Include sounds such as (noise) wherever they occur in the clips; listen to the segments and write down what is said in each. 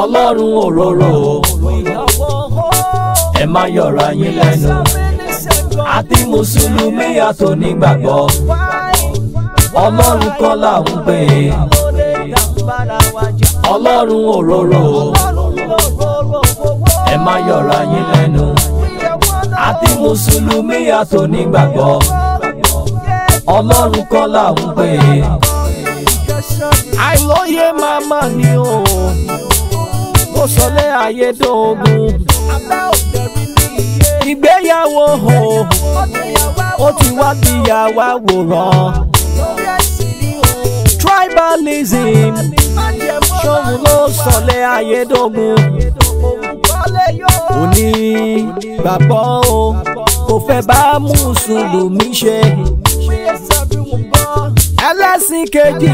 ọlọ́run òróró ẹ má yọ̀ra yín lẹ́nu àti mùsùlùmí àtò nígbàgbọ́ ọlọ́run kọ́ là ń pè é ọlọ́run òróró ẹ má yọ̀ra yín lẹ́nu àti mùsùlùmí àtò nígbàgbọ́ ọlọ́run kọ́ là pè é. I àìlóye màmá ni o kò sọlé ayédógún ìgbéyàwó o ó ti wá wa, àwòrán tribalism ṣòun ló sọlé ayédógún òní gbàgbọ́ o kò fẹ́ bá mùsùlùmí ṣe ẹlẹ́sìn kejì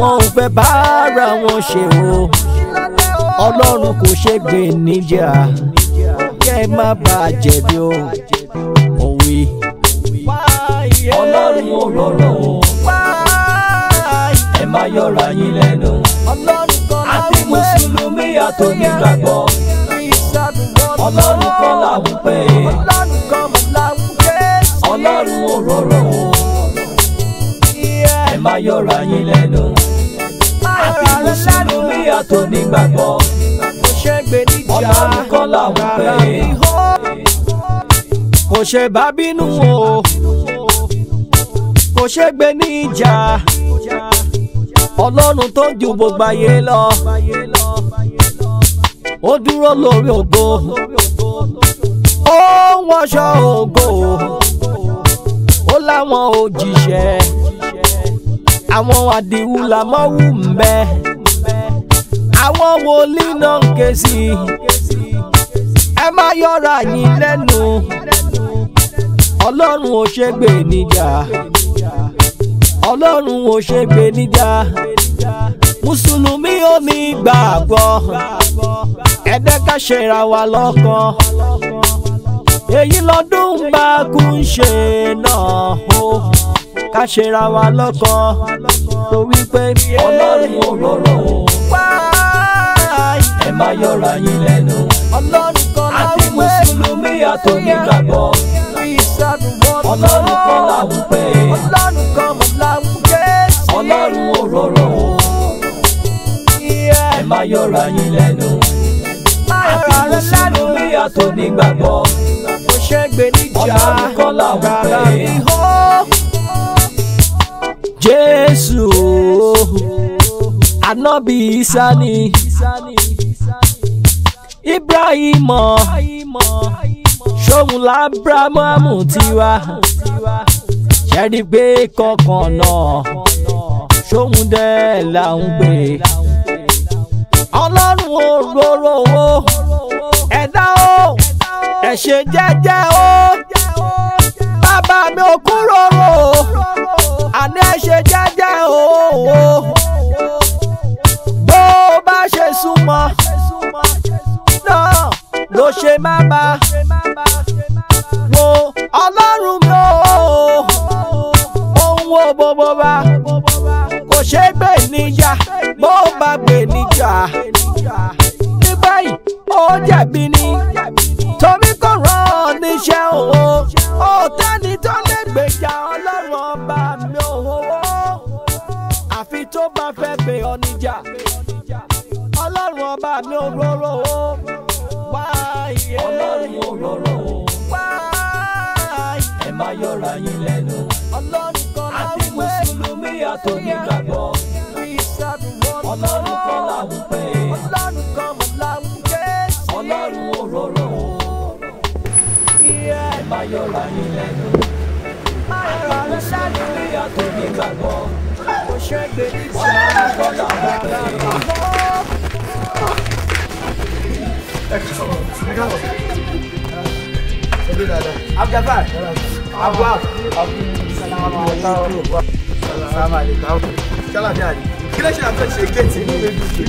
wọn ò fẹ́ bára wọn ṣe o ọlọ́run kò ṣe gbé níjà kẹ́ ẹ má bàa jẹ̀bi o òwe ọlọ́run ò rọrọ̀ o ẹ má yọra yín lẹ́nu àti mùsùlùmí àtònígbàgbọ́ ọlọ́run kọ́ làwọn ọlọ́run ò rọrọ̀ o má yọ̀rọ̀ yín lẹ́nu àbí mùsùlùmí àtò nígbàgbọ́ ọlọ́run kọ́ làwọn pè é. kò ṣe bá bínú o kò ṣe gbé ní ọlọ́run tó ju gbogbo ayé lọ ó dúró lórí ògo ó ń wọṣọ ògo ó láwọn òjíṣẹ́ àwọn àdìwù làmọ́wù ń bẹ àwọn wòlíì náà ń ké sí i ẹ má yọra yín lẹ́nu ọlọ́run ò ṣe gbè níjà ọlọ́run ò ṣe gbè níjà mùsùlùmí ò ní gbàgbọ́ ẹ̀ẹ́dẹ́ka ṣera wa lọ́kàn èyí lọ́dún bá kú ṣe náà ká ṣera wa lọ́kọ tó wípé ọlọ́run ò rọrọ̀ o ẹ má yọra yín lẹ́nu àti mùsùlùmí àtòmígbàgbọ́ ọlọ́run kan láwùn pé ọlọ́run ò rọrọ̀ o ẹ má yọra yín lẹ́nu àti mùsùlùmí àtòmígbàgbọ́ ọlọ́run kan láwùn pé jésù ànábì Sani, ibrahim ṣòun lábramámù tiwa ṣẹ́ni pé kankan náà ṣòun dẹ́ là ń gbé o ẹ̀dá o ẹ ṣe o bàbá mi ò kúrò o àní ẹ ṣe jẹ́jẹ́ o bó bá ṣe súnmọ́ náà ló ṣe má bá wo ọlọ́run mi o ohun wo bóbó bá kò ṣe gbè níjà bó bá gbè níjà ní báyìí ó jẹ̀bi ni torí kò rán ọ níṣẹ́ o ò tẹ́ni tó lè gbèjà ọlọ́run ọba mi. pé ọ níjà ọlọ́run ọba mi ò rọrọ o wá iye ọlọ́run ò rọrọ o wá ẹ má yọra yín lẹ́nu ọlọ́run kan láwùjọ àti mùsùlùmí àtò nígbàgbọ́ ọlọ́run kan láwùjọ ọlọ́run kan mọ̀ láwùjọ ọlọ́run ò rọrọ o ẹ má yọra yín lẹ́nu àti mùsùlùmí àtò nígbàgbọ́ ṣẹ́gbẹ́ ṣàkóso bàbá bàbá. ẹ káàbọ̀ ẹ káàbọ̀ ẹ bí dada. abdulba abuwa abuwa salamu alaikum kala bí a di kí lè ṣe àfẹ́ ṣe géètì inú ẹ̀ bí ṣe.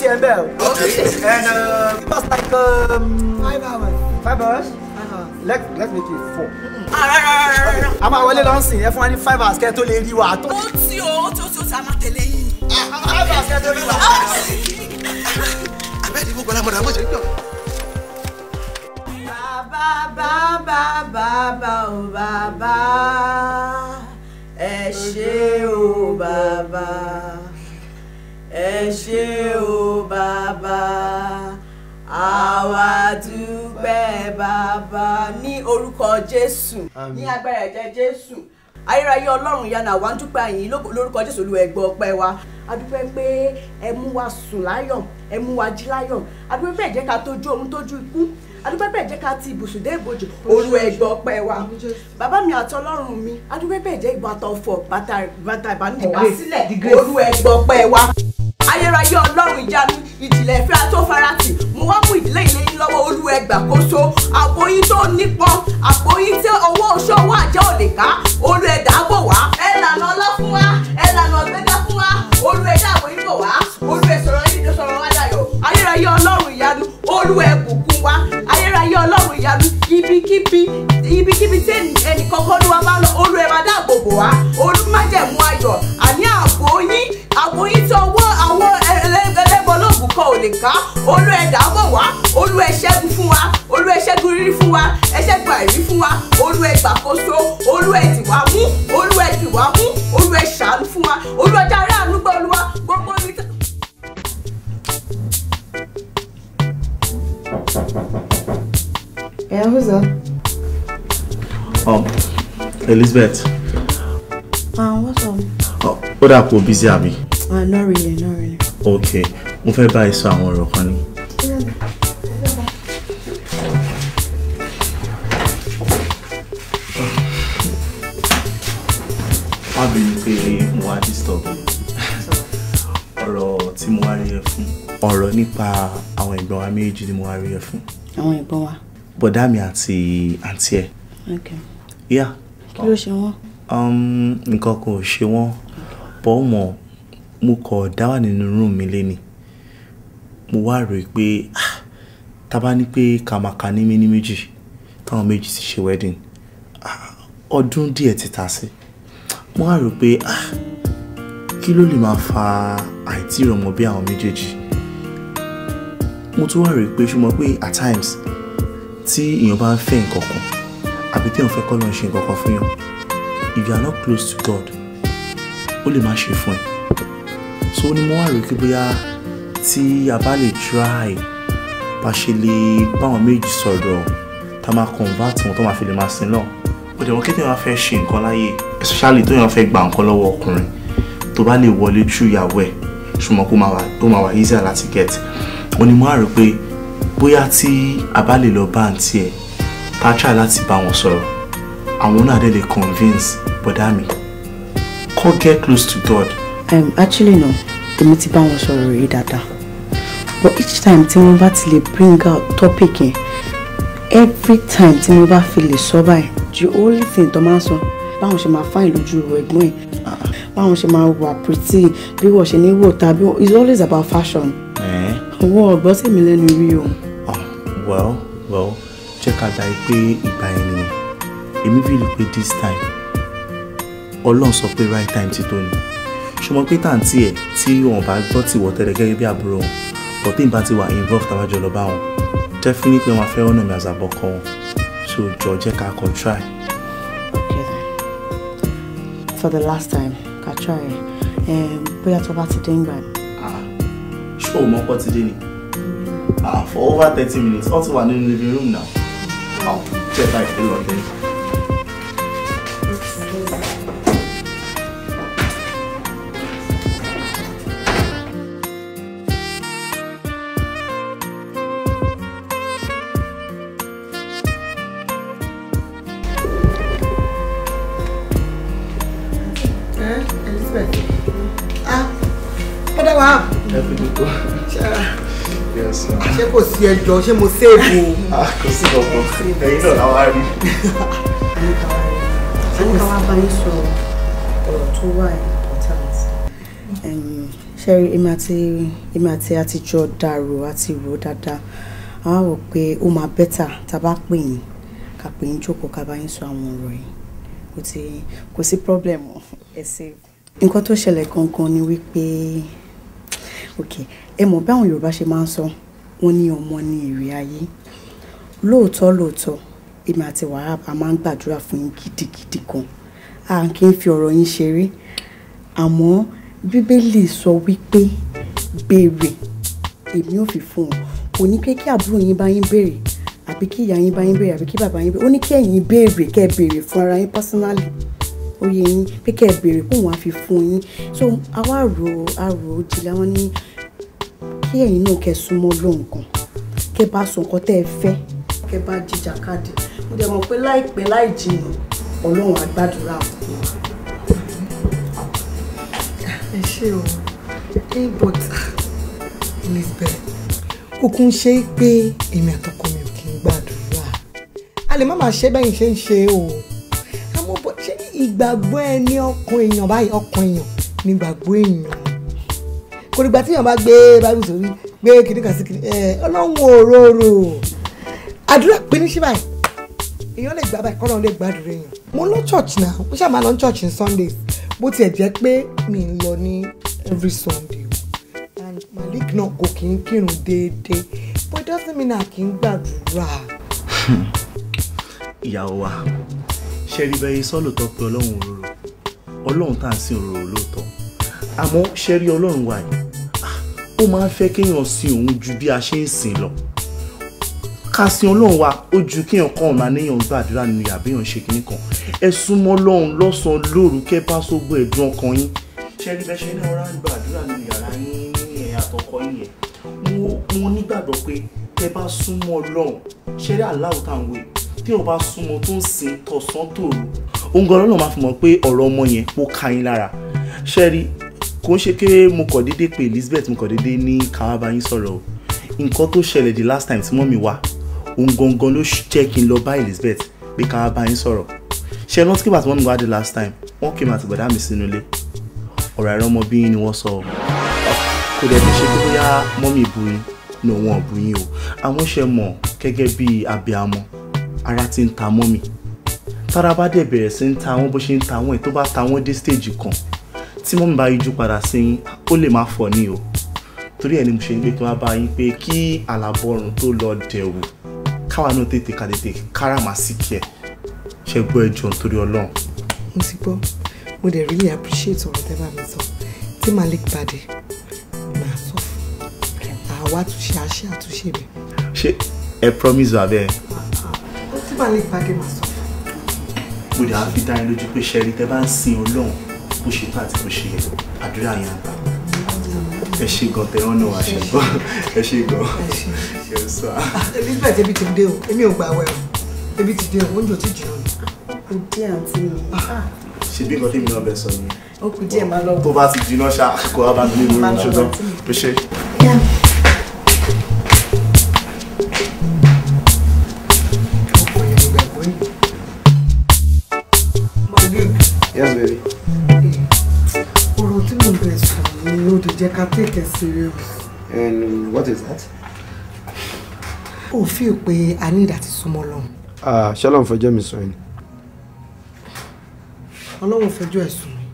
see him there. Okay. And uh, it was like um, five hours. Five hours. Five hours. Let Let's make it four. Mm-hmm. Ah, a máa wọlé lọ sìn ẹ fún wa ní five hours kẹ tó lè rí wa. ó ti o ó ti o ti o ti ah, a máa tẹ̀lé yín. five hours kẹ tó lè rí wa. Ah, abẹ́ẹ̀dì gbogbo la mọ̀ náà mo ṣe ń jọ. bàbá bàbá bàbá ò bàbá ẹ ṣé o bàbá ẹ ṣé o bàbá àwa dúpẹ́ bàbá ní orúkọ jésù ní agbára ẹ̀jẹ̀ jésù ayérayé ọlọ́run yánà wá ń dúpẹ́ àyìn lórúkọ jésù olúwa ẹgbẹ́ ọpẹ́ wa adúpẹ́ pé ẹ mú wa sùn láyọ̀ ẹ mú wa jí láyọ̀ adúpẹ́ bẹ́ẹ̀ jẹ́ ká tójú ohun tójú ikú adúpẹ́ bẹ́ẹ̀ jẹ́ ká ti ibùsùn dé ibojì olú ẹgbẹ́ ọpẹ́ wa bàbá mi àti ọlọ́run mi adúpẹ́ bẹ́ẹ̀ jẹ́ ìbátan fọ̀ bàtà ìbánidìbá sílẹ̀ olú ẹgbẹ́ ọpẹ́ wa ayérayé ọlọ́run ìyanu ìjìnlẹ̀ ìfẹ́ tó farati mo wá mú ìdílé ilé yín lọ́wọ́ olúwa ẹgbàkóso àpò yín tó nípọn àpò yín tí owó oṣù owó àjẹ́ ò lè ká olú ẹ̀dá bò wá ẹ lànà ọlá fún wa ẹ lànà ọ̀gbẹ́dá fún wa olú ẹ̀dá àwọ̀ yín bò wá olú ẹ̀ sọ̀rọ̀ yín tó sọ̀rọ̀ wá dayọ̀ ayérayé ọlọ́run ìyanu olú ẹ̀ bùkún wa ayérayé ọlọ́run ìyanu ibikíbi ibikíbi tí ẹnìkan kọ́ ló wá bá lọ olú ẹ̀ máa dáàbò bò wá olú ayọ̀ àní àpò yín tí owó lè olú ẹ̀dá bò wá olú ẹ̀ṣẹ́gun fún wa olú ẹ̀ṣẹ́gun rírí fún wa ẹ̀ṣẹ́gun àìrí fún wa olú ẹ̀gbàkóso olú ẹ̀tì wá mú olú ẹ̀tì wá mú olú ẹ̀ṣàánú fún wa olú ọjà rẹ̀ àánú olúwa gbogbo ní. Yeah, who's that? Um, Elizabeth. Uh, what's up? Oh, ó dà busy àbí? Uh, not really, not really. Okay mo fẹ́ bá ẹ sọ àwọn ọ̀rọ̀ kan ni. má bínú pé mo wá disturb ọ̀rọ̀ tí mo wá rí ẹ fún ọ̀rọ̀ nípa àwọn ìgbọ̀n wa méjì ni mo wá rí ẹ fún. àwọn ìgbọ̀n wa. bọ̀dá mi àti àǹtí ẹ̀. yá. kí ló ṣe wọ́n. Um, nǹkan kan ò ṣe wọ́n bọ́ mo kọ̀ dá wà nínú rúùmù mi lénìí mo wá rò pé ah tá a bá ní pé ká máa ka ní méní méjì táwọn méjì ti ṣe wedding ah, ọdún díẹ̀ ti ta sí mo wá rò pé ah, kí ló lè máa fa àìtí ìrọ̀mọ bí àwọn méjèèjì mo tún wá rò pé ṣùgbọ́n pé at times tí èèyàn bá ń fẹ́ nǹkan kan àbí tí èèyàn fẹ́ kọ́ ló ṣe nǹkan kan fún yàn if you are not close to God ó lè má ṣe fún ẹ so ni mo wá rò pé bóyá tí a bá lè try bá ṣe lè bá àwọn méjì sọ̀rọ̀ tá máa convert wọn tó máa fi lè máa sin náà ó dẹ̀ wọ́n kí tèèyàn fẹ́ ṣe nǹkan láyé especially tóyàn fẹ́ gba nǹkan lọ́wọ́ ọkùnrin tó bá lè wọlé tú ìyàwó ẹ̀ ṣùgbọ́n kó máa wà easier láti get ó ní mo á rò pé bóyá tí a bá lè lọ bá àǹtí ẹ̀ tá a try láti bá wọn sọ̀rọ̀ àwọn náà dẹ̀ lè convince bọ̀dá mi kó get close to God. Um, actually no èmi ti bá wọn sọ̀rọ̀ rí dáadáa but each time tí mo bá ti lè bring out topic yẹn every time tí mo bá fi lè sọ báyìí the only thing tó máa ń sọ báwọn ṣe máa fáyìn lójú ẹ̀gbọ́n ẹ̀ báwọn ṣe máa wà pretty bí wọ́n ṣe ní wò tàbí it's always about fashion. owó eh? ọ̀gbọ́n sì mi lẹ́nu rí o. Ah, well well jẹ́ ká dáa pé ìgbà yẹn nìyẹn èmi fi lè pe this time ọlọ́run sọ pé right time ti tó ni ṣùgbọ́n pé tàǹtí ẹ̀ tí wọn bá gbọ́ tìwọ́ tẹ́lẹ̀ gẹ́gẹ́ bí àbúrò wọn but tí n bá involve tàbá jọ lọ definitely wọn fẹ́ ọ̀nà mi àzàbọ̀ kan so jọ jẹ́ ká kàn try. for the last time ká try eh, bóyá tó bá ti dé ń gbà. Ah, ṣé o mọ ọkọ ti dé ni ah, for over thirty minutes ó ti wà nínú living room now jẹ́ ká ìpínlẹ̀ ọ̀dẹ́ni. expect. ah padà wá. ẹ fojú kó ṣé kò sí ẹjọ́ ṣé mo ṣéèbù o. kò sí ọ̀pọ̀ ẹ̀yin náà làwọn á rí. àwọn kan wá bá yín sọ ọ̀rọ̀ tó wà important. ṣẹ́rí èmi àti èmi àti àtijọ́ dàrò àti rò dáadáa àwọn àwọ̀ pé ó máa bẹ́tà tá a bá pè yín ká pè yín jókòó ká bá yín sọ àwọn ọ̀rọ̀ yìí kò sí problem ẹ̀ nǹkan tó ṣẹlẹ̀ kankan ni wípé ok ẹ mọ̀ bí àwọn Yorùbá ṣe máa ń sọ wọn ní ọmọ ní èrè ayé lóòótọ́ lóòótọ́ èmi àti Wahab a máa ń gbàdúrà fún yín gidigidi kan a kì í fi ọ̀rọ̀ yín ṣeré àmọ́ bíbélì sọ wípé béèrè èmi ò fi fún ọ òní pé kí àbúrò yín bá yín béèrè àbí kí ìyá yín bá yín béèrè àbí kí bàbá yín béèrè ó ní kí ẹ̀yin béèrè kẹ́ ẹ béèrè fún ara yín personally oyè yín pé kẹ́ ẹ béèrè kó wọn á fún yín so àwa àrò àrò jìlá wọn ní kí ẹ̀yin náà kẹ́ súnmọ́ lóhùn kan kẹ́ bá sọ nǹkan tẹ́ ẹ fẹ́ kẹ́ bá jìjà káàdì mo dẹ̀ mọ̀ pé láìpẹ́ láì jìnnà ọlọ́run á gbàdúrà ẹ ṣe o ẹ but ah, Elizabeth ó kún ṣe pé èmi àtọkọ mi ò kí ń gbàdúrà a lè má máa ṣe bẹ́yìn ṣe ń ṣe o ìgbàgbọ́ ẹni ọkàn èèyàn báyìí ọkàn èèyàn ni ìgbàgbọ́ èèyàn kò dìgbà tí èèyàn bá gbé báyìí sórí gbé kìnnì kan sí kìnnì ẹ ọlọ́run òróró àdúrà pé ní báyìí èèyàn lè gbà báyìí kọ́ lè gbàdúrà èèyàn mo lọ church náà mo ṣáà máa lọ church ní Sundays bó tiẹ̀ jẹ́ pé mi ń lọ ní every Sunday o and Malik náà kò kí ń kírun déédéé but it doesn't mean I kì í gbàdúrà. (laughs) ìyàwó wa ṣẹ́ríbẹ́ iṣọ́ lóòótọ́ pé ọlọ́run òróró ọlọ́run tá à ń sin òróró lóòótọ́ àmọ́ ṣẹ́rí ọlọ́run wa yìí ah, ó máa ń fẹ́ kéèyàn sin òun ju bí a ṣe ń sìn lọ ká sin ọlọ́run wa ó ju kéèyàn kan ọ̀nà níyàn gbàdúrà nínú yàbíyàn ṣe kínní kan ẹ súnmọ́ ọlọ́run lọ́sàn-án lóru kẹ́ bá sógbó ẹ̀dùn ọkàn yín ṣẹ́rí bẹ́ ṣe ní ọ̀rá gbàdúrà nínú yàrá yín ní ẹ̀yà àtọkọ yín yẹn mo nígbàgbọ́ pé tẹ́ bá súnmọ́ ọlọ́run ṣẹ́rí aláwọ̀ táwọn wẹ̀ bí wọn bá súnmọ́ tó ń sin tọ̀sán tòru òun gan ọlọ́run máa fi mọ̀ pé ọ̀rọ̀ ọmọ yẹn kó ka yín lára ṣẹ́rí kò ń ṣe pé mo kàn déédé pé Elizabeth mo kàn déédé ní káwá bá yín sọ̀rọ̀ o nǹkan tó ṣẹlẹ̀ the last time tí mọ́mì wá òun gangan ló jẹ́ kí n lọ bá Elizabeth pé káwá bá yín sọ̀rọ̀ ṣe lọ́tí kí bàtí mọ́mì wá the last time wọ́n kí mi àti bọ̀dá mi sínú ilé ọ̀rọ̀ ẹ̀rọ ọmọ bíyín ni wọ́n sọ kò dẹ̀ fi ṣe pé bóyá mọ́mì bu yín ní òun ọ̀bù yín o àwọn ṣe mọ̀ gẹ́gẹ́ bíi abiyamọ ara ti ń ta mọ́ mi tára bá dẹ̀ bẹ̀rẹ̀ sí ń ta wọ́n bó ṣe ń ta wọ́n ẹ̀ tó bá ta wọ́n dé stage kan tí mọ́mí bá yíjú padà sí yín ó lè má fọ̀ ní o torí ẹ̀ ni mo ṣe ń gbé kí wọ́n bá yín pé kí àlàbọ̀rùn tó lọ dẹ̀wù káwa náà tètè ká tètè káràmà sí kí ẹ ṣe gbọ́ ẹjọ́ nítorí ọlọ́run. mo ti gbọ́ mo dẹ̀ really appreciate ọ̀rọ̀ tẹ́ bá mi sọ tí Malik Bade máa sọ fún àwa àtúnṣe àṣẹ àtúnṣe mi. ṣé ẹ promise abẹ́ ẹ balẹ̀ ìpàdé máa sọ. mo dà fi dá yín lójú pé ṣẹ́rí tẹ́ bá ń sin ọlọ́run bó ṣe tó àti bó ṣe yẹ àdúrà yẹn àgbà ẹ ṣe gan tẹran náà wàá ṣe ẹ ṣe gan ẹ sọ. ebi gbà tẹ́bi ti dé o èmi ò gbà wẹ̀ o ebi ti dé o oúnjẹ ò tí jù àǹtí mi. Ah. Ah, ṣe bí nǹkan tèmi náà bẹ sọ ni. ó kù máa lọ. tó bá ti jiná ṣá kó wá bá mi lórí ṣùgbọ́n bó ṣe. can serious. And what is that? O feel pé a need àti súnmọ́ ah, Ọlọ́run. Ah, ṣọlọ́run fẹjọ́ mi sùn ni. Ọlọ́run fẹjọ́ ẹ̀ sùn mi.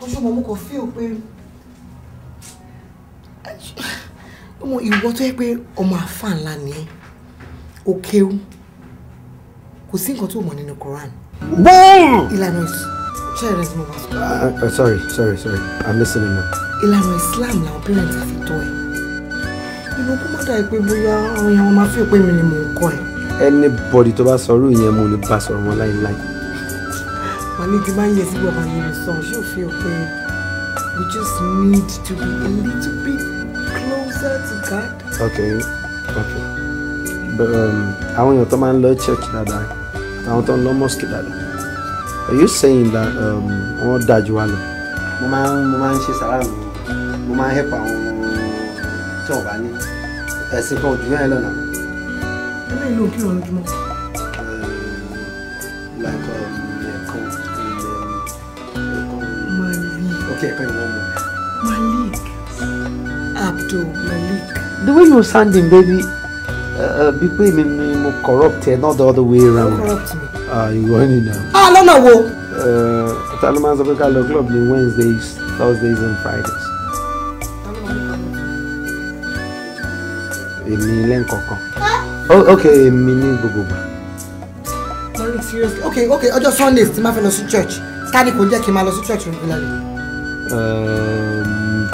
Ó ṣọ́mọ mo kàn feel pé ọmọ ìwọ tó yẹ pé ọmọ àfáà ńlá ni ó kéwú kò sí nǹkan tó mọ̀ nínú Quran. Bọ́ọ̀lù! Ìlànà ìsìn ṣẹ́ẹ̀rẹ́ mo wá sọ. sorry sorry sorry i'm listening now. ìlànà islam làwọn parents fi tọ́ ẹ inú kó má dàí pé bóyá àwọn èèyàn máa fi pé mi ni mò ń kọ ẹ. anybody tó bá sọ̀rọ̀ ìyẹn mo lè bá sọ̀rọ̀ wọn láéláé. wà ní ti máa ń yẹ sí bàbá yẹn lè sọ ṣé òfin òpin we just need to be a little bit closer to God. okay okay um, àwọn èèyàn tó máa ń lọ church dáadáa àtàwọn tó ń lọ mosque dáadáa are you saying that um, wọ́n dájú wa lọ. mo máa ń mo máa ń ṣe sàrà mi mo máa ń help àwọn tí wọ́n bá ní ẹ̀sìn kan òjú yẹn lọ́nà. ẹgbẹ́ ìlú òkè òun jùmọ̀. Um, like um, ẹ̀kan ẹ̀kan ok ẹ̀kan ìwọ̀n mọ̀. Malik Abdul Malik. the way you sounding baby uh, uh, bíi pé mi me, mo corrupt ẹ not the other way around. corrupt me. Ah, ìwọ nìyà. a ah, lọ́nà wo. Eh, ta ló máa ń sọ pé ká lọ club ní Wednesdays Thursdays and Fridays. èmi lẹ́ǹkọ̀ọ̀kan ok èmi ní gbogbo gbà. very serious ok ok ọjọ́ Sunday tí máa fẹ́ lọ sí church ká ní kò jẹ́ kí n máa lọ sí church regularly. Ehm,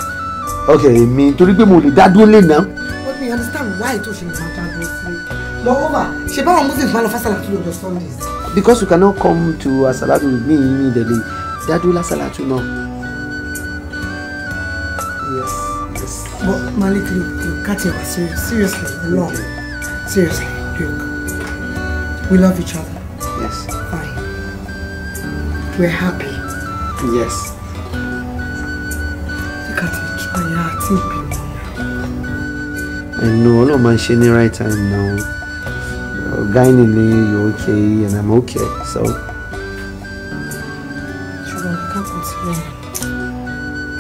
ok èmi torí pé mo lè dá dúró lè ná. but me understand why tó ṣe lè máa dá dúró sí i. moreover ṣe báwọn muslims máa lọ fásitì àti lọ́jọ́ Sundays because you cannot come to asalatu with me immediately dadu lasalatu no. yes yes. but malik cut look kati wa seriously no okay. seriously look we love each other. yes. fine we're happy. yes. kati kí ayé àti ìbí. ẹnu ọlọ́run máa ń ṣe ní right time now. Guining you're okay and I'm okay, so. Sugar, I can't continue.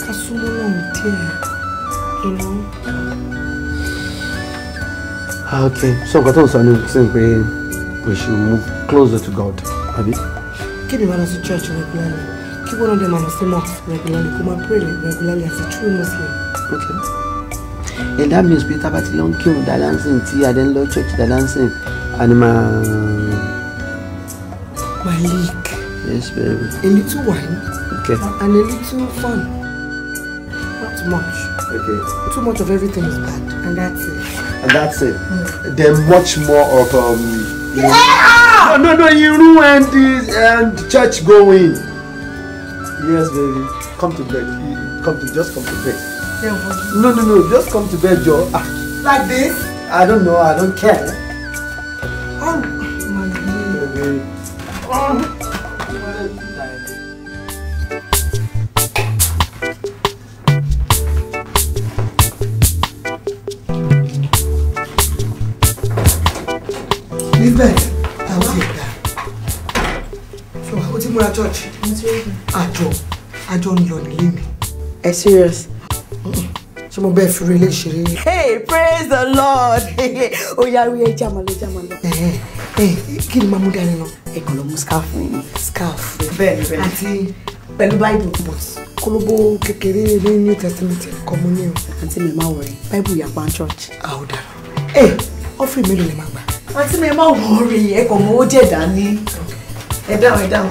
Kasumo long, dear. You Okay, so got also an example we should move closer to God. Have Abi? Keep me to church regularly. Keep one of them on the mosque regularly. Come and pray regularly as a true Muslim. Okay. And that means Peter Batilon killed the dancing, Tia, then Lord Church the dancing. animal. Malik. Yes, baby. A little wine. Okay. And a little fun. Not much. Okay. Too much of everything is bad, and that's it. And that's it. Mm. Then much more of um. Yeah! No, no, no, you ruined this and church going. Yes, baby. Come to bed. Come to just come to bed. no, no, no. Just come to bed, Joe. Ah. Like this? I don't know. I don't care. ẹ serious ṣé mo bẹ́ẹ̀ fi relé ṣeré. hey praise the lord Oh yeah, we are jàmọ lọ Hey, hey, hey. ni mamuda ni lọ. ẹ kàn lọ mú scarf mi. scarf. bẹ́ẹ̀ bẹ́ẹ̀ àti pẹ̀lú bible. kólóbó kékeré ní new testament kọ́ mo ní o. àǹtí me ma worry. bible yàgbá church. àwọn ọ̀daràn ẹ ọ́fìn mélòó lè máa gbà. àǹtí mi me ma worry. kàn mọ́ ó jẹ̀dá ní. Hey, down, hey down.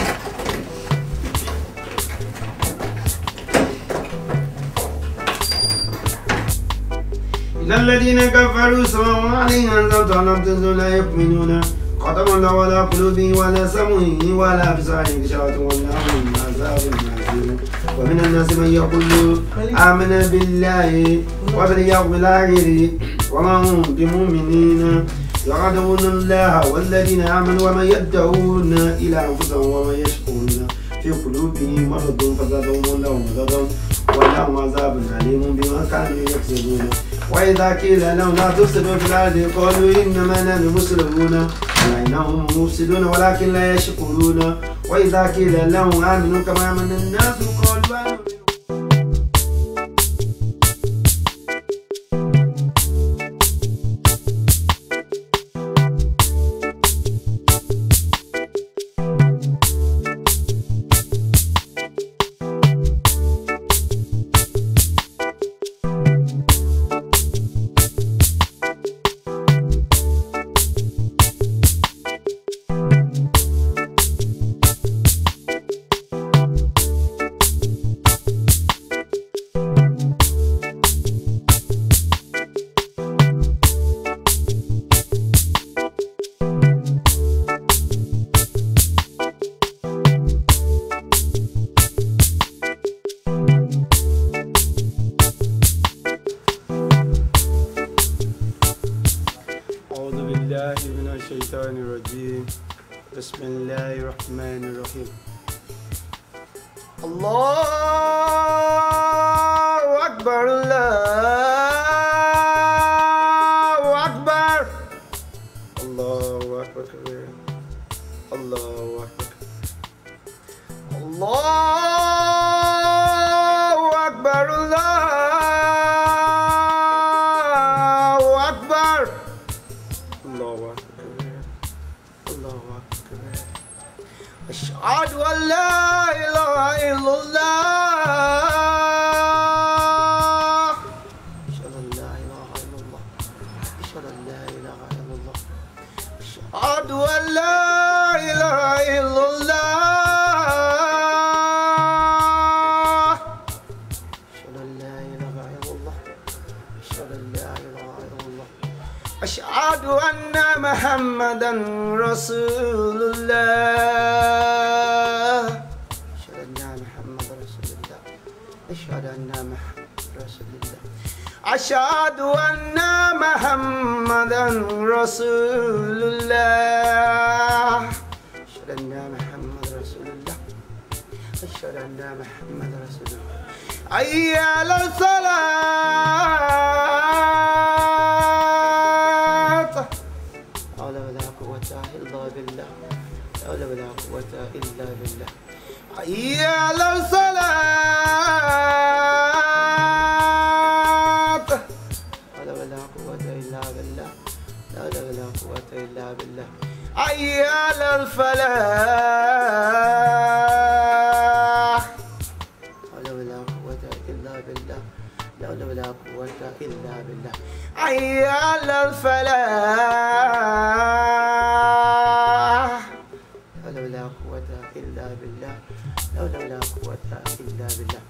إن الذين كفروا سواء عليهم أنزلت أم لا يؤمنون ختم الله على قلوبهم ولا سمعهم ولا أبصارهم غشاوة من عذاب عظيم ومن الناس من يقول آمنا بالله وباليوم الآخر وما هم بمؤمنين يعدون الله والذين آمنوا وما يدعون إلى أنفسهم وما يشكون في قلوبهم مرض فزادهم الله مرضا ولهم عذاب عليم بما كانوا يكسبون وإذا قيل لهم لا تفسدوا في الأرض قالوا إنما نحن مسلمون وإنهم مفسدون ولكن لا يشكرون وإذا قيل لهم آمنوا كما آمن الناس Yeah, a los ojos. حول ولا قوة إلا بالله لا حول ولا قوة إلا بالله حي على الفلاح لا حول ولا قوة إلا بالله لا حول ولا قوة إلا بالله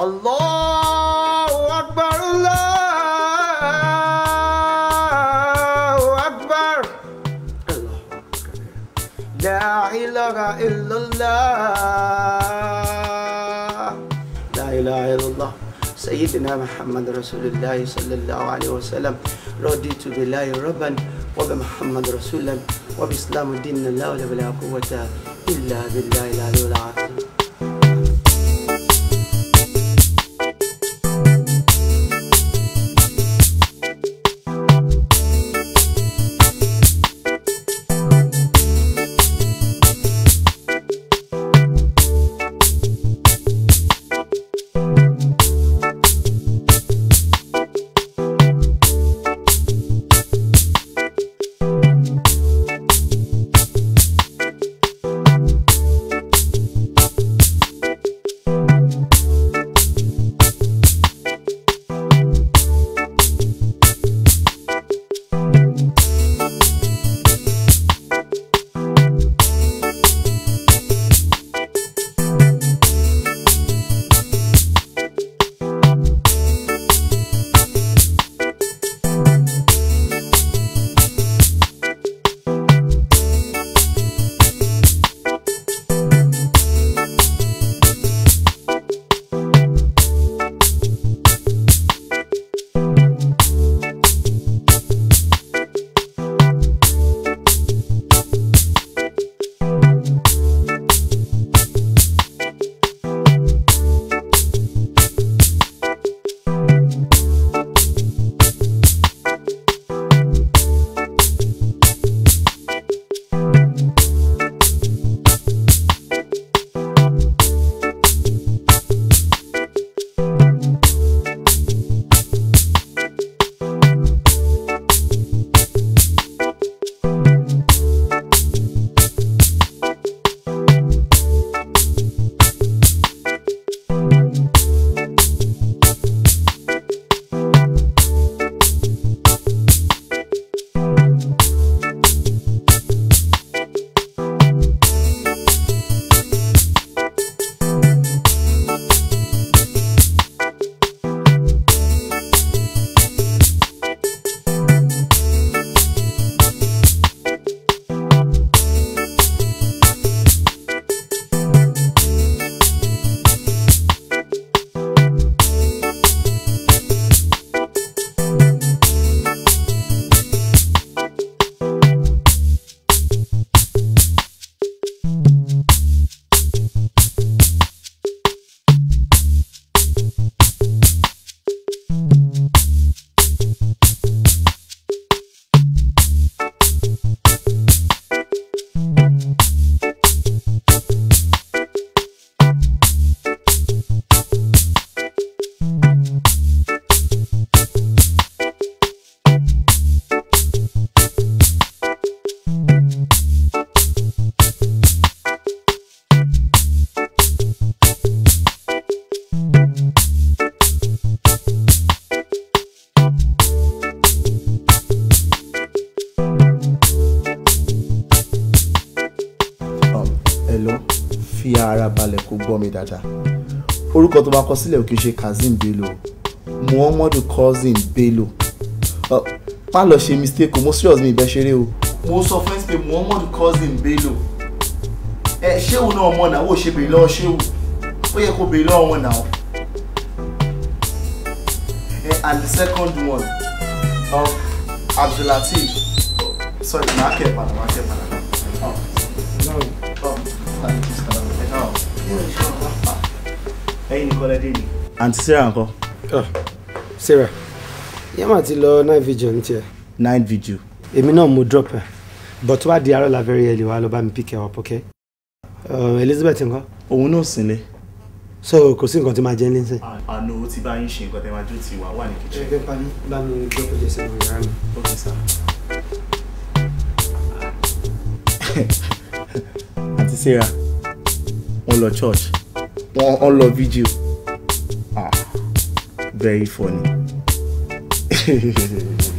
الله سيدنا محمد رسول الله صلى الله عليه وسلم رضيت بالله ربا وبمحمد رسولا وبإسلام دين لا ولا قوة إلا بالله العلي العظيم Ìkẹjà orúkọ tó bá kọ sílẹ̀ òkè ṣe Kazeem Bello Muhammadu cousin Bello má lọ ṣe mistake o mo serious mi ìbẹ́ ṣeré o. mo sọ fún ẹ pé Muhammadu cousin Bello ẹ ṣéwù náà ọmọ náà wò ṣe bèrè lọ́wọ́ ṣéwù ó yẹ kó bèrè lọ́wọ́ wọn náà ẹ and the second one Abdulateef sorry màá kẹ́ ẹ̀ padà màá kẹ́ ẹ̀ padà. kọ́lẹ́dé ni. àǹtí sarah ńkọ́. Ah, sarah yẹ́mà ti lọ night vigil ní tiẹ̀. night vigil. èmi náà mo drop her, but wá di arọ́lá very early wá lọ bá mi pick her up okay. Uh, elizabeth ńkọ́. òun náà sì so kò sí nǹkan tí máa jẹ́ lẹ́sìn. àná o ti bá yín ṣe nǹkan tẹ́ máa jó tiwa wà ní kìchìn. ẹgbẹ́ bá mi bá mi drop ẹ̀ jẹ́sẹ̀ lórí ara mi. okay sir. (laughs) àǹtí sarah wọ́n lọ church on the vigil. very funny. (laughs)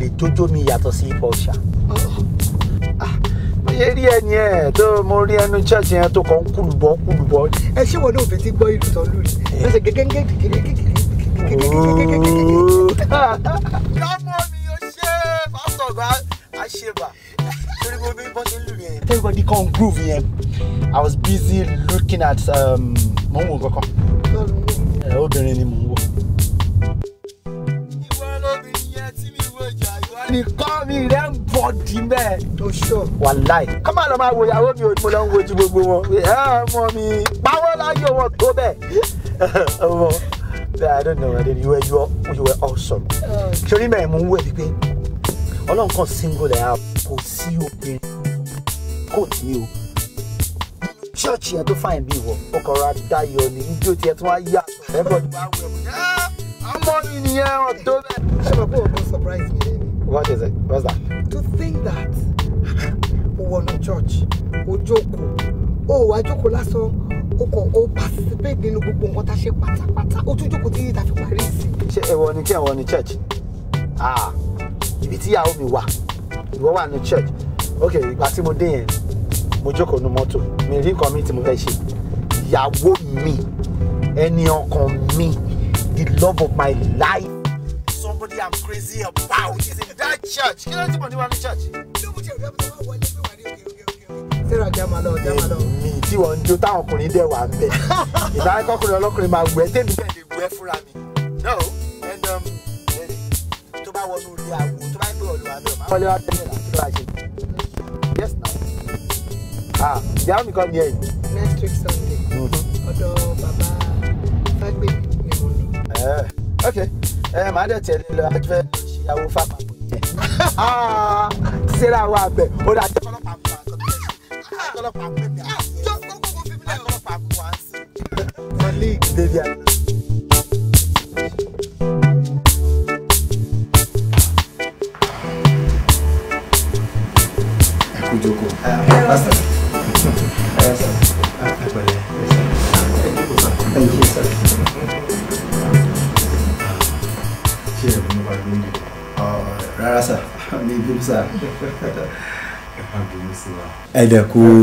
lè jójó mi yàtọ̀ sí hip hop ṣá. mo ṣe rí ẹni ẹ tó mo rí ẹnu church yẹn tó kàn ń kùlùbọ ẹ ṣé wọn náà fẹ́ ti gbọ́ ìlú tán lórí ẹ ṣe gẹ́gẹ́ gẹ́gẹ́ gẹ́gẹ́ gẹ́gẹ́ Everybody come groove here. I was busy looking at um, mo ń wo kankan. Obìnrin ni mo ń wo. nìkan mi rẹ̀ ń bọ̀ dì mẹ́. tó ṣọ. wàláì. ká má lọ máa wo ìyàwó mi ò mo lọ ń wojú gbogbo wọn. ẹ ọmọ mi pawọ́ láyé wọn tó bẹ́ẹ̀. (laughs) ọmọ I don't know you were you were, you were awesome. sori oh. mẹ́rin mo ń wẹ̀ wípé ọlọ́run kan single ẹ̀ kò sí obìnrin kò ní o ṣọ́ọ̀ṣì yẹn tó fáìn bí wọ ọkọ̀ ra dayọ̀ ní ijó tiẹ̀ tó wá yá ẹ̀bọ̀n ìbáwẹ̀ ọmọ mi nìyẹn ọ̀tọ́ bẹ́ẹ̀. ṣé o mọ̀ pé o surprise mi. What is it? What's that? To think that we (laughs) o wọnú church, o jókòó, o wá jókòó lásán, o kàn o participate nínú gbogbo nǹkan tá a ṣe pátápátá, o tún jókòó tí ta fi parí sí. Ṣé ẹ̀wọ̀ ni We ẹ̀wọ̀ ni church? Ah, ibi tí ìyàwó mi wà, We wà ní church. Ok, ìgbà tí mo dé yẹn, mo jókòó nu mọ́tò, mi rí nǹkan mi tí mo fẹ́ me, Ìyàwó mi, ẹni ọkàn mi, the love of my life somebody I'm crazy about is in that church. Kí ló ń tí mo ní wá ní church? Sarah Jamalo, Jamalo. Èmi tí wọ́n ń jó táwọn ọkùnrin dẹ̀ wà ń bẹ̀. Ìbára kọ́kùnrin ọlọ́kùnrin máa wẹ̀ tẹ́mi bẹ́ẹ̀ lè wẹ̀ fúnra mi. No, and um, tó bá wọnú ilé àwò tó bá gbé ọ̀lù àbẹ̀ ọ̀má. Wọ́n lé wá tẹ́lẹ̀ láti lọ́la ṣe. Yes na. Ah, ìyá mi kàn ní ẹ̀yìn. Next Sunday, mm-hmm. ọ̀dọ̀ bàbá Fagbemi ni mo lọ. Eh, okay ẹ máa dẹ̀ tẹ̀lé lọ àjọ ẹ̀ ṣìyàwó fáwọn àgbẹ̀ (laughs) síra wa àgbẹ̀ ó dà jẹ́ ọlọ́pàá mú wa tọ́jú ẹ̀ ṣe ọlọ́pàá mú mi àti ọlọ́pàá mú wa ń sìn. ṣé ẹ ló ń bá gbé mi rárá sà ẹ má bínú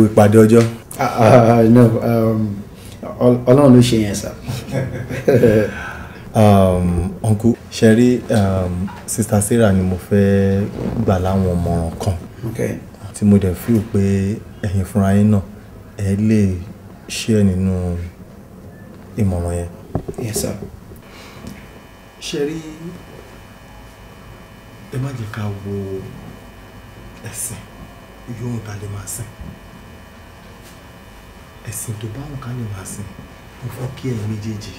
ìpàdé ọjọ́. Ah, ah, ah, no um, ọlọ́run ló ṣe yẹn sà. ọ̀nkú (laughs) um, ṣe rí um, sista sarah ni mo fẹ́ gbà láwọn ọmọràn kan tí mo dẹ̀ fíò pé ẹ̀yin fúnra yín náà ẹ lè ṣe nínú ìmọ̀ràn yẹn. ṣe rí ẹ má jẹ́ ká wo ẹ̀sìn yóò ta lè máa sìn ẹ̀sìn tó bá wọn ká lè máa sìn mo fẹ́ kí ẹ méjèèjì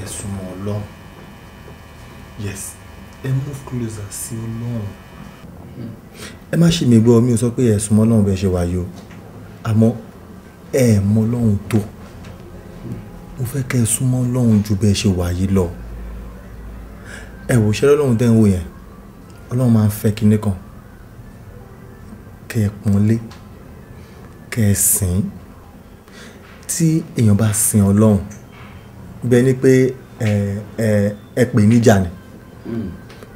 ẹ súnmọ́ ọlọ́run yes ẹ move closer sí ọlọ́run ẹ má ṣe mi gbọ́ mi ò sọ pé ẹ súnmọ́ ọlọ́run bẹ́ẹ̀ ṣe wà yìí o àmọ́ ẹ mọ ọlọ́run tó mo fẹ́ kẹ́ ẹ súnmọ́ ọlọ́run ju bẹ́ẹ̀ ṣe wà yìí lọ ẹ wò ṣẹ́ lọ́lọ́run tẹ́ ń wò yẹn ọlọ́run máa ń fẹ́ kinní kan kẹ́ ẹ pọ́nlé kẹ́ ẹ sìn tí èèyàn bá sin ọlọ́run bẹ́ẹ̀ ni pé ẹ ẹ ẹ pè níjà ni hmm.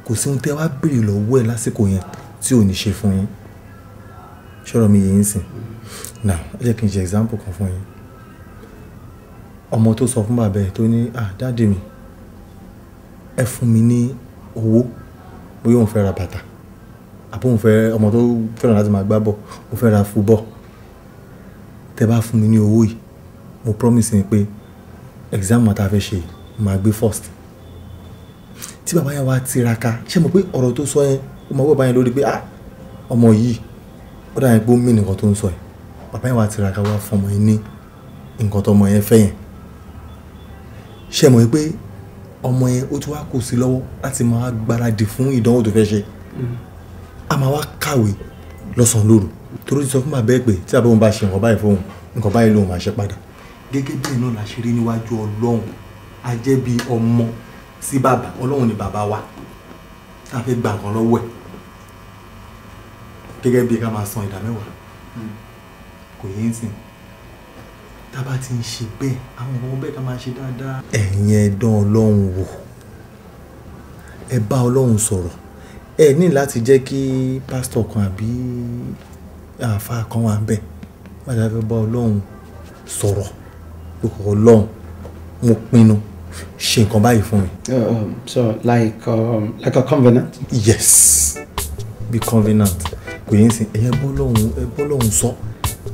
kò sí ohun tẹ́ wá béèrè lọ́wọ́ ẹ lásìkò yẹn tí ò ní ṣe fún yín ṣọ́rọ̀ mi yìí ń sìn now ẹ jẹ́ kí n ṣe example kan fún yín ọmọ tó sọ fún bàbá ẹ tó ní ah dáàdì mi ẹ fún mi ní owó bóyá òun fẹ́ ra bàtà àbí òun fẹ́ ọmọ tó fẹ́ràn láti máa gbá bọ̀ òun fẹ́ ra fúbọ̀ tẹ́ bá fún mi ní owó yìí mo promise ni pé exam ma ta fẹ́ ṣe máa gbé first tí bàbá yẹn wá tiraka ṣé mo pé ọ̀rọ̀ tó sọ yẹn ó máa wọ bàbá yẹn lórí pé ah ọmọ yìí ó dà yẹn pé ó mí nìkan tó ń sọ yẹn bàbá yẹn wá tiraka wá fọmọ yẹn ní nǹkan tó ọmọ yẹn fẹ́ yẹn ṣé mo pé ọmọ yẹn ó ti wá kò sí lọ́wọ́ láti máa gbáradì fún ìdánwò tó fẹ́ ṣe a máa wá kàwé lọ́sàn-án lóru torí ti sọ fún bàbá ẹ̀ pé tí bàbá òun bá ṣe nǹkan báyìí fóun nǹkan báyìí lòun máa ṣe padà gẹ́gẹ́ bẹ́ẹ̀ náà la ṣe rí níwájú ọlọ́run a jẹ́ bí ọmọ sí bàbá ọlọ́run ni bàbá wa tá a fẹ́ gba nǹkan lọ́wọ́ ẹ̀ gẹ́gẹ́ bí ká máa san ìdá mẹ́wàá kò yé ń sìn tá ti ń ṣe bẹ́ẹ̀ àwọn ọmọ bẹ́ẹ̀ ká máa ṣe dáadáa. ẹ̀yin ẹ ọlọ́run wò ẹ bá ọlọ́run sọ̀rọ̀ ẹ ní láti jẹ́ kí pásítọ̀ kan àbí àáfàá kan wà ń bẹ̀ bàtà fẹ́ bá ọlọ́run sọ̀rọ̀ lóko ọlọ́run mo pinnu ṣe nǹkan báyìí fún mi. Oh, um, so like um, like a covenant. yes be covenant kò yẹn sìn ẹ bọ́ lọ́hùn ẹ bọ́ lọ́hùn sọ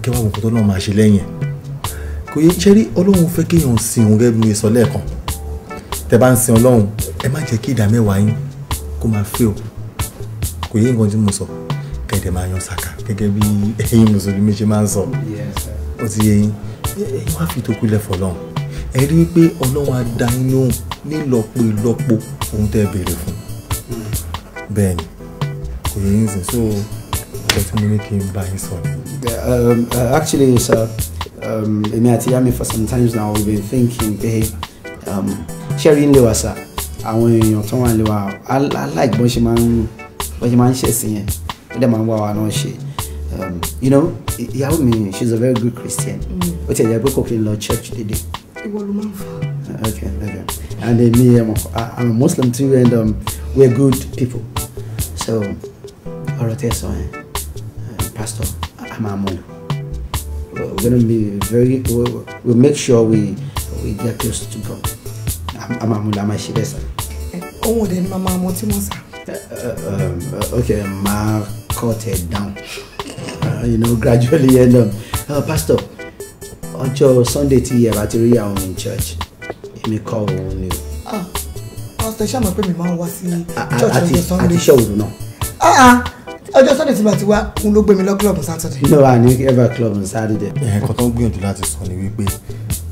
kẹwàá gbogbo tó náà máa ṣe lẹ́yìn ẹ̀ kò yẹ ṣe rí ọlọ́run fẹ́ kéèyàn sin òun gẹ́gẹ́ bí mo sọ lẹ́ẹ̀kan tẹ bá ń sin ọlọ́run ẹ má jẹ́ kí ìdá mẹ́wàá yín kó máa fẹ́ o kò yẹ nǹkan tí mo sọ kẹ̀dẹ̀ máa yan sàkà gẹ́gẹ́ bí ẹ̀yin mùsùlùmí ṣe máa ń sọ ó ti yẹ yín ẹ̀yin wá fi tókù lẹ̀ fọlọ́run ẹ rí i pé ọlọ́run á dá yín lóhùn nílọ́po ìlọ́po ohun tẹ́ béèrè fún hmm. bẹ́ẹ̀ ni kò yẹ yín sìn so ọ̀rọ̀ um, uh, actually sir um, me àti yá mi for some times now we've been thinking pé ṣẹ́rí ń lè wá sá àwọn èèyàn tó wà ń lè wá alike bọ́n ṣe máa ń bọ́n ṣe máa ń ṣẹ̀sìn yẹn ó dẹ̀ máa ń wá wa náà ṣe um, you know ìyàwó mi she's a very good Christian mm. ó ti ẹ̀jẹ̀ pé kò kí lọ church dédé. ìwọ ló uh, okay okay and then me I'm a Muslim too and um, we're good people so ọ̀rọ̀ tẹ̀sán ẹ̀ um, pastor amamu we're going to be very we'll, we'll make sure we we get close to God amamula ma ṣe bẹ́ẹ̀ sá. ohun òde ni màmá ọmọ uh, uh, um, uh, okay ma cut it down uh, you know gradually end up uh, pastor ọjọ́ sunday tí ẹ bá ti rí in church èmi kọ́ òun you. Ah, pastor ṣáà mọ̀ pé mi máa ń wá sí church ọjọ́ sunday. àti ṣọ́ọ̀rù náà. Ah, ah ọjọ́ sunday tí mo ti wá òun ló gbé mi lọ club saturday. nígbà wà ní ever club saturday. ẹ̀ẹ̀kan tó ń gbìyànjú láti sọ ni wípé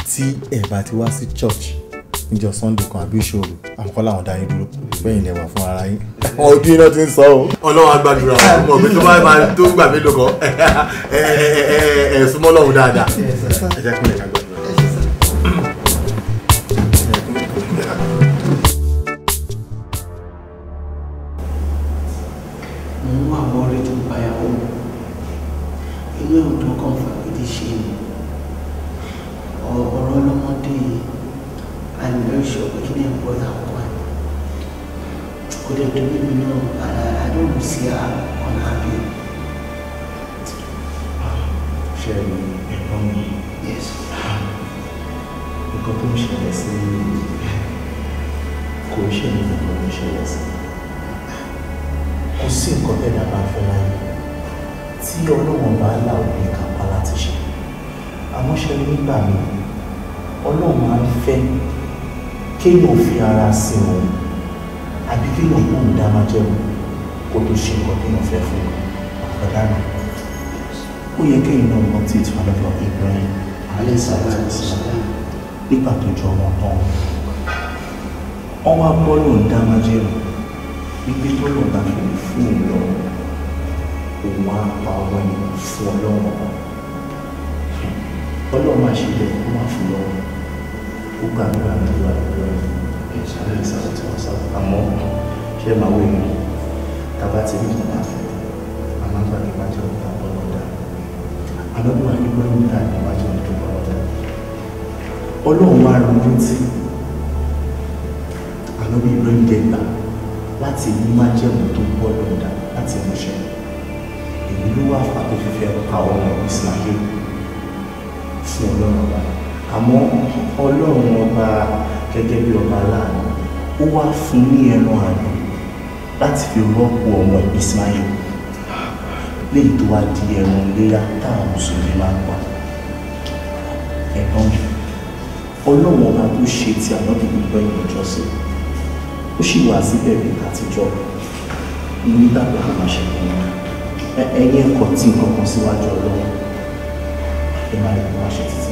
tí ẹ bá ti wá sí church níjọ́ sunday kan àbí ìṣòro àkọ́ làwọn dá yín dúró bẹ́yìn lè wà fún ara yín. ojú iná ti ń sọ o. ọlọ́run agbàdúrà mọ̀ pé tó bá máa tó gbà mí lò kọ́ ẹ̀ẹ́dẹ̀ẹ́dẹ̀ ẹ̀ẹ́dẹ̀ súnmọ́ lọ́hùn dáadáa. ẹ jẹ́ kí n lè ká gbọ́. Lucia Onabi. Ṣẹ̀rí ẹ̀gbọ́n mi. Yes. Nǹkan tó ń ṣẹlẹ̀ sí kò ṣe ní nǹkan tó ń ṣẹlẹ̀ sí. Kò sí nǹkan tẹ̀lé àbáfẹ́ láyé tí Ọlọ́run bá là ò ní kápá láti ṣe. Àmọ́ ṣẹlẹ̀ nígbà mi, Ọlọ́run máa ń fẹ́ kéèyàn fi ara sí òun àbí kéèyàn kó dá máa jẹun kó tó ṣe nǹkan tí wọ́n fẹ́ fún un ọ̀daràn ó yẹ kéèyàn náà mọ tí ìtura lọ́dọ̀ Ibrahim alẹ́ sàlẹ̀ sàlẹ̀ nígbà tó jọ ọmọ tán ọwọ́ abọ́lọ̀ ń dá májẹ̀rù wípé tó lọ bá fi fún un lọ òun á pa ọmọ yìí fún ọlọ́run ọlọ́run máa ṣe bẹ́ẹ̀ kó má fún lọ́wọ́ ó gbàdúrà nígbà tó wà ẹ̀ sàlẹ̀ sàlẹ̀ tí àmọ́ ṣé màá wé mi tàbá ti ní ìtàn àti àmọ́ nígbà tí wọ́n ti ń ta bọ́ lọ́dà àmọ́ bí wọ́n ti gbọ́ ní ìlànà ìwájú ní ìdúró lọ́dà ọlọ́run wá ronú létí àmọ́ bí ìlú ń dẹgbà láti mú májẹ̀mú tó bọ́ lọ́dà láti mú ṣe èyí ló wà pàtó fífẹ́ àwọn ọmọ ìsìláyé fún ọlọ́run ọba àmọ́ ọlọ́run ọba gẹ́gẹ́ bí ọba láàánú ó wá fún ní ẹran àná láti fi rọ́pò ọmọ Ismail léyìí tó wá di ẹran léyà táwọn mùsùlùmí máa ń pa ẹ̀gbọ́n ọlọ́wọ́n máa tó ṣe ti ànábì gbogbo ẹ̀yìn ìjọsìn ó sì wà síbẹ̀ bí àtijọ́ nígbàgbọ́ kò máa ṣe kún ẹ̀yìn ẹ̀kọ́ tí nǹkan kan síwájú ọlọ́wọ́ ẹ máa lè kó máa ṣe títí.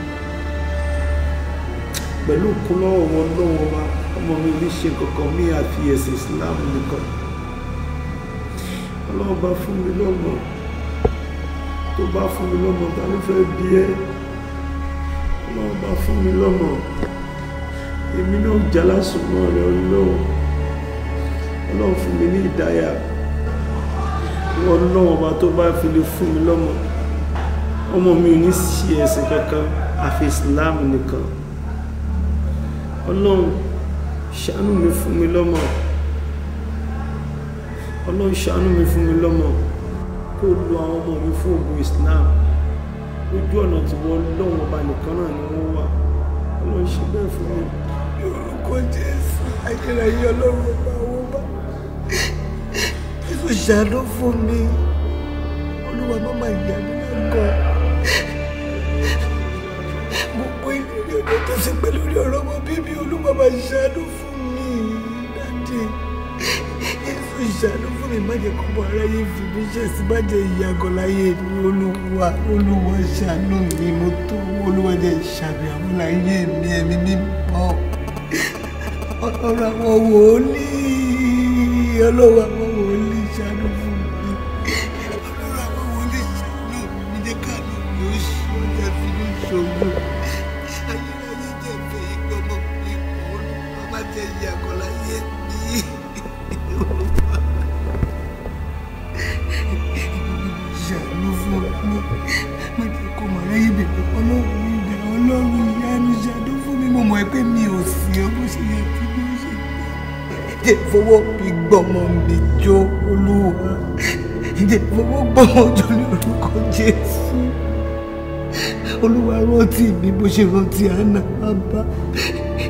pẹ̀lú ìkúnlọ́wọ́ wọn lọ́wọ́ wa ọmọ mi ò ní ṣe kankan mí àfi ẹ̀sìn Islam nìkan ọlọ́run bá fún mi lọ́mọ tó bá fún mi lọ́mọ ta ló fẹ́ bí ẹ́ ọlọ́run bá fún mi lọ́mọ èmi náà jà lásùnmọ́ rẹ̀ ọlọ́run ọlọ́run fún mi ní ìdáyà wọn lọ́wọ́ bá tó bá fi lè fún mi lọ́mọ ọmọ mi ò ní sí ẹ̀sìn kankan àfi Islam nìkan ọlọ́run ṣàánú mi fún mi lọ́mọ ọlọ́run ṣàánú mi fún mi lọ́mọ kó lo àwọn ọmọ mi fún ògùn Islam ojú ọ̀nà tí wọ́n lọ́wọ́ ọba nìkan náà ni wọ́n wà ọlọ́run ṣe bẹ́ẹ̀ fún mi orúkọ Jésù àjẹrà yìí ọlọ́run ọba àwọn ọba Jésù ṣàánú fún mi olúwa má má ìyá mi lẹ́kọ̀ọ́. ṣe pé lórí ọ̀rọ̀ ọmọ bíbí olúmọ̀mọ̀ ṣàánú fún mi dáadé yéésù ṣàánú fún mi má jẹ́ kọ́mọ aráyé fi mí ṣe sí má jẹ́ ìyàgọ̀ láyé mi olúwa olúwa ṣàánú mi mo tó olúwa jẹ́ ìṣàmì àwọn láyé mi ẹ̀mí mímọ́ ọ̀rọ̀ àwọn wòlíì ọlọ́wọ́ fowó bí gbọmọ mi jó olúwa jẹ́ fowó gbọmọ jó ní orúkọ jésù olúwa rántí mi bó ṣe rántí àná bàbá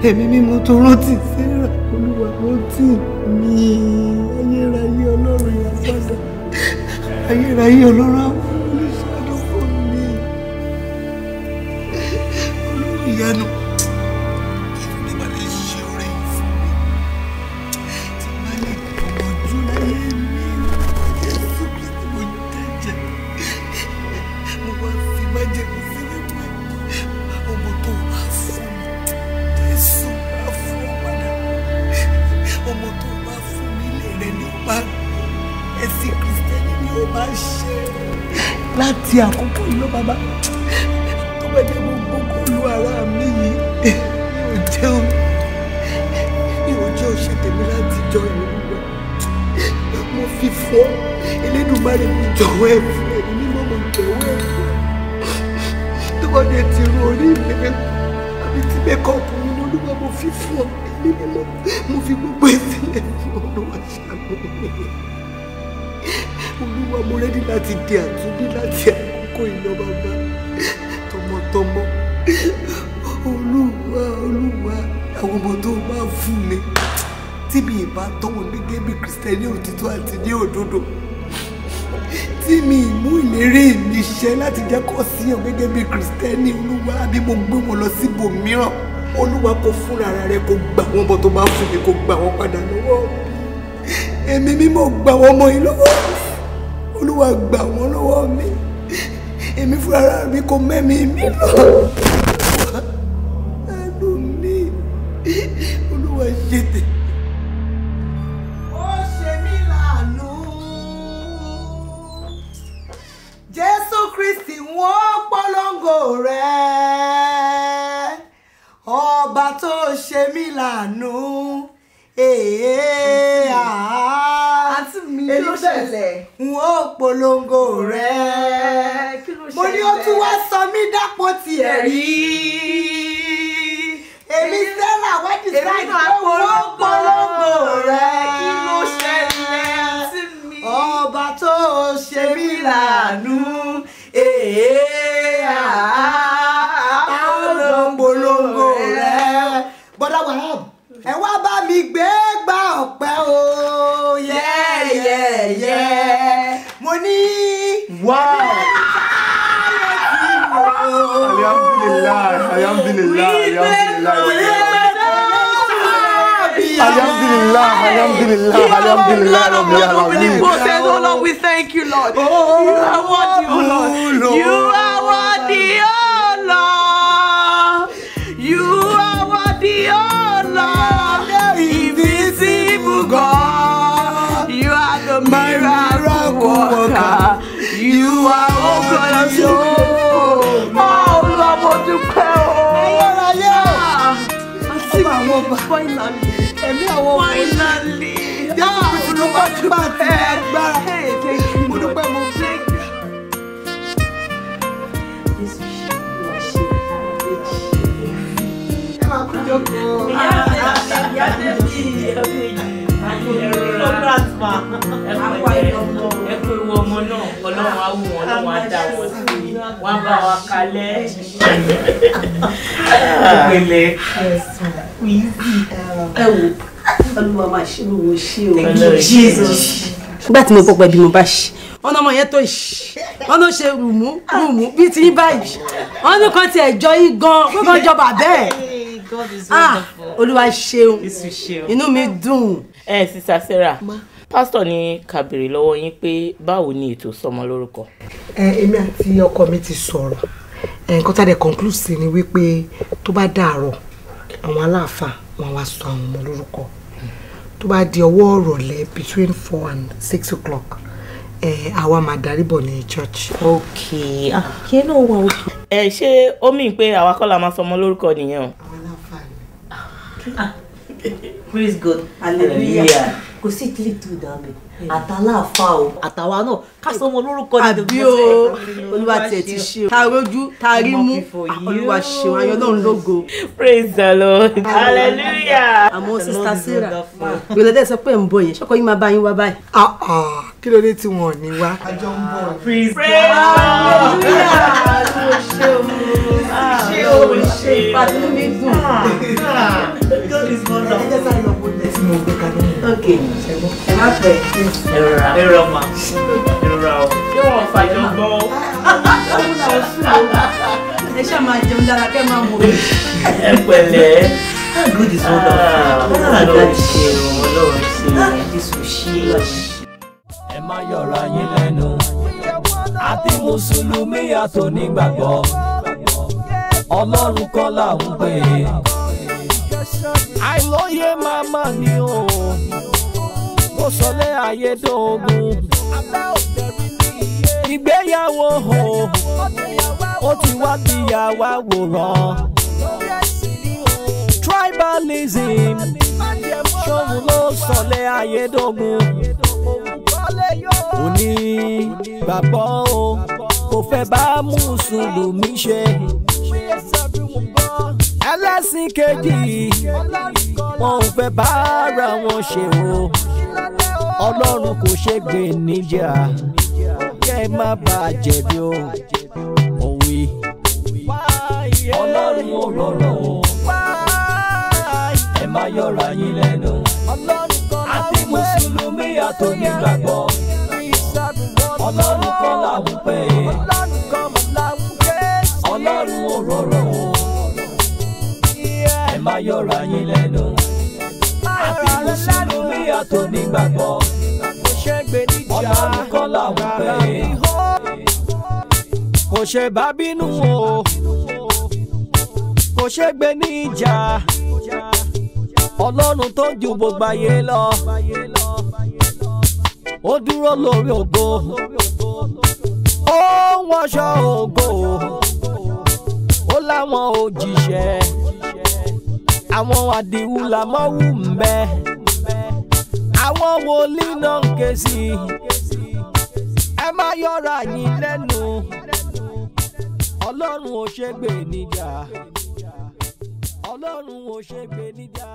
ẹ̀mí mímọ́ tó rántí sẹ́ra olúwa rántí mi ayérayé ọlọ́run yàgbọ́dọ̀ ayérayé ọlọ́run àwọn. jọ ìwúrọ mo fi fọ Elédùmarè mi jọ̀wọ́ ẹ fún ẹni mímọ́ mo jọ̀wọ́ ẹ fún tó bá dé ti rún orí mi àbí tí mẹkọ ọkùnrin ní olúwa mo fi fọ ẹni mímọ́ mo fi gbogbo ìsílẹ̀ fún olúwa olúwa mo rẹ́dí láti di àtúndí láti àkókò ìjọba bá tọmọtọmọ olúwa olúwa àwọn ọmọ tó bá fún mi tí mi ìbá tọ́wọ́ gẹ́gẹ́ bí kìrìsìtẹ́nì òtítọ́ àti ní òdodo tí mi ìmú ìlérí mi ṣẹ láti jẹ́ kó sí hàn gẹ́gẹ́ bí kìrìsìtẹ́nì olúwa bí mo gbé wọn lọ síbòmíràn olúwa kò fúnra rẹ kò gbà wọn bọ tó bá fún mi kò gbà wọn padà lọ́wọ́ èmi mímọ́ gbà wọn ọmọ yìí lọ́wọ́ mi olúwa gbà wọn lọ́wọ́ mi èmi fúnra mi kò mẹ́mi mi lọ. polongo rẹ̀ eh, mo ní ó tún wá sọ mí dápò tiẹ̀ rí èmi Sarah wá decide pé wọ́n polongo rẹ̀ kí ló ṣẹlẹ̀ sí mi ọba tó ṣe mí lànú èèyàn àwọn ọ̀nà polongo ah, ẹ wá bá mi gbé gba ọ̀pẹ o yẹ́yẹ́yẹ́ mo wow. alhamdulilayi alhamdulilayi alhamdulillah alhamdulillah alhamdulillah we thank you lord oh, you are worthy oh lord you are worthy oh lord finally ẹ̀mí àwọn ọmọ yìí finally yàrá olùkọ́ tí bá ti agbára mo dúpẹ́ mo fi. ẹ máa kú jókòó. ìyá àti ìyá tẹ̀lé ìyá méjì congrats ma ẹ pé wo ọmọ náà ọlọ́run á wù wọn ọlọ́run á dá wọn sí wọn bá wa kalẹ̀. ìpele ẹ wò olúwa máa ṣe ló wọ ṣe o nígbà tí mo pọpọ ẹbí mo bá ṣe wọn ọmọ yẹn tó ṣì wọn ló ṣe rùmú rùmú bíi ti yín báyìí wọn ní kan tiẹ̀ jọ yín gan pé kan jọba bẹ́ẹ̀ ah olúwa ṣeun inú mi dùn ẹ sísá sarah Pastor, ní kàbèrè lọ́wọ́ yín pé báwo ni ètò sọmọ lórúkọ. ẹ èmi àti ọkọ mi ti sọ̀rọ̀ nǹkan tá a dẹ̀ conclude sí ni wípé tó bá dàárọ̀ àwọn aláàfáà wọn wá sọ àwọn ọmọ lórúkọ tó bá di ọwọ́ ọ̀rọ̀lẹ́ between four and six o'clock àwa máa darí bọ̀ ní church. ok kí ló wà ó. ẹ ṣé ó mì pé àwa kọ́ la máa sọmọ lórúkọ nìyẹn o. àwọn aláàfáà ni praise god hallelujah kò sí ìdílé tó dà mí hmm. àtàláàfà o àtàwa náà kásán ọmọ olórúkọ ní ìdòwú àbí o olúwa tiẹ̀ ti ṣe o ta rojú ta rí mú olúwa ṣe wọn ayọ̀ lọ́run lógo. praise the lord hallelujah. àmọ́ sista sarah gbẹ̀lẹ́dẹ́ (laughs) sọ pé ń bọ̀ yẹn ṣọ́kọ́ yín máa bá yín wá báyìí. Ah, ah, kí ló dé tí wọn ò ní wá. àjọ ń bọ̀. praise god hallelujah. Ah, ṣé o ṣe o ṣe ìpàdé mi dùn please go down. ẹ jẹ́ sáré lọ bójú ẹsìn mo gbé kalẹ̀. ok ẹ má pẹ́. ìrora ìrora ma ìrora o yóò wọ́n fà jọ gbọ́. (laughs) ẹ ṣáà máa jẹun dára kẹ́ máa mọ̀ mi. ẹ pẹ̀lẹ́. How ah, good is wonderful? Ah, ah, Ọlọ́run ṣe Ọlọ́run ṣe Jésù ah, ṣe. Ẹ má lẹ́nu, àti Mùsùlùmí àtò nígbàgbọ́, Ọlọ́run kọ́ là pè é àìlóye màmá ni o mo sọlé ayédógún ìgbéyàwó o ó ti wá bíyàwó àwòrán tribalism ṣòwò ló sọlé ayédógún òní bàbá o kò fẹ́ bá mùsùlùmí ṣe ẹlẹ́sìn kejì wọn ò fẹ́ bára wọn ṣe o ọlọ́run kò ṣe gbè níjà kẹ́ ẹ má bàa jẹ̀bi o òwe ọlọ́run ò rọrọ̀ o ẹ má yọra yín lẹ́nu àti mùsùlùmí àtòmígbàgbọ́ ọlọ́run. má yọ̀rọ̀ yín lẹ́nu àbí mùsùlùmí àtò nígbàgbọ́ ọlọ́run kọ́ làwọn pè é. kò ṣe bá bínú o kò ṣe gbé ọlọ́run tó ju gbogbo ayé lọ ó dúró lórí ògo ó ń wọṣọ ògo ó láwọn òjíṣẹ́ àwọn àdìhù là mọ́wù ń àwọn wòlíì náà ń ké sí i ẹ má yọra yín lẹ́nu ọlọ́run ò ṣe gbè níjà ọlọ́run ò ṣe gbè níjà.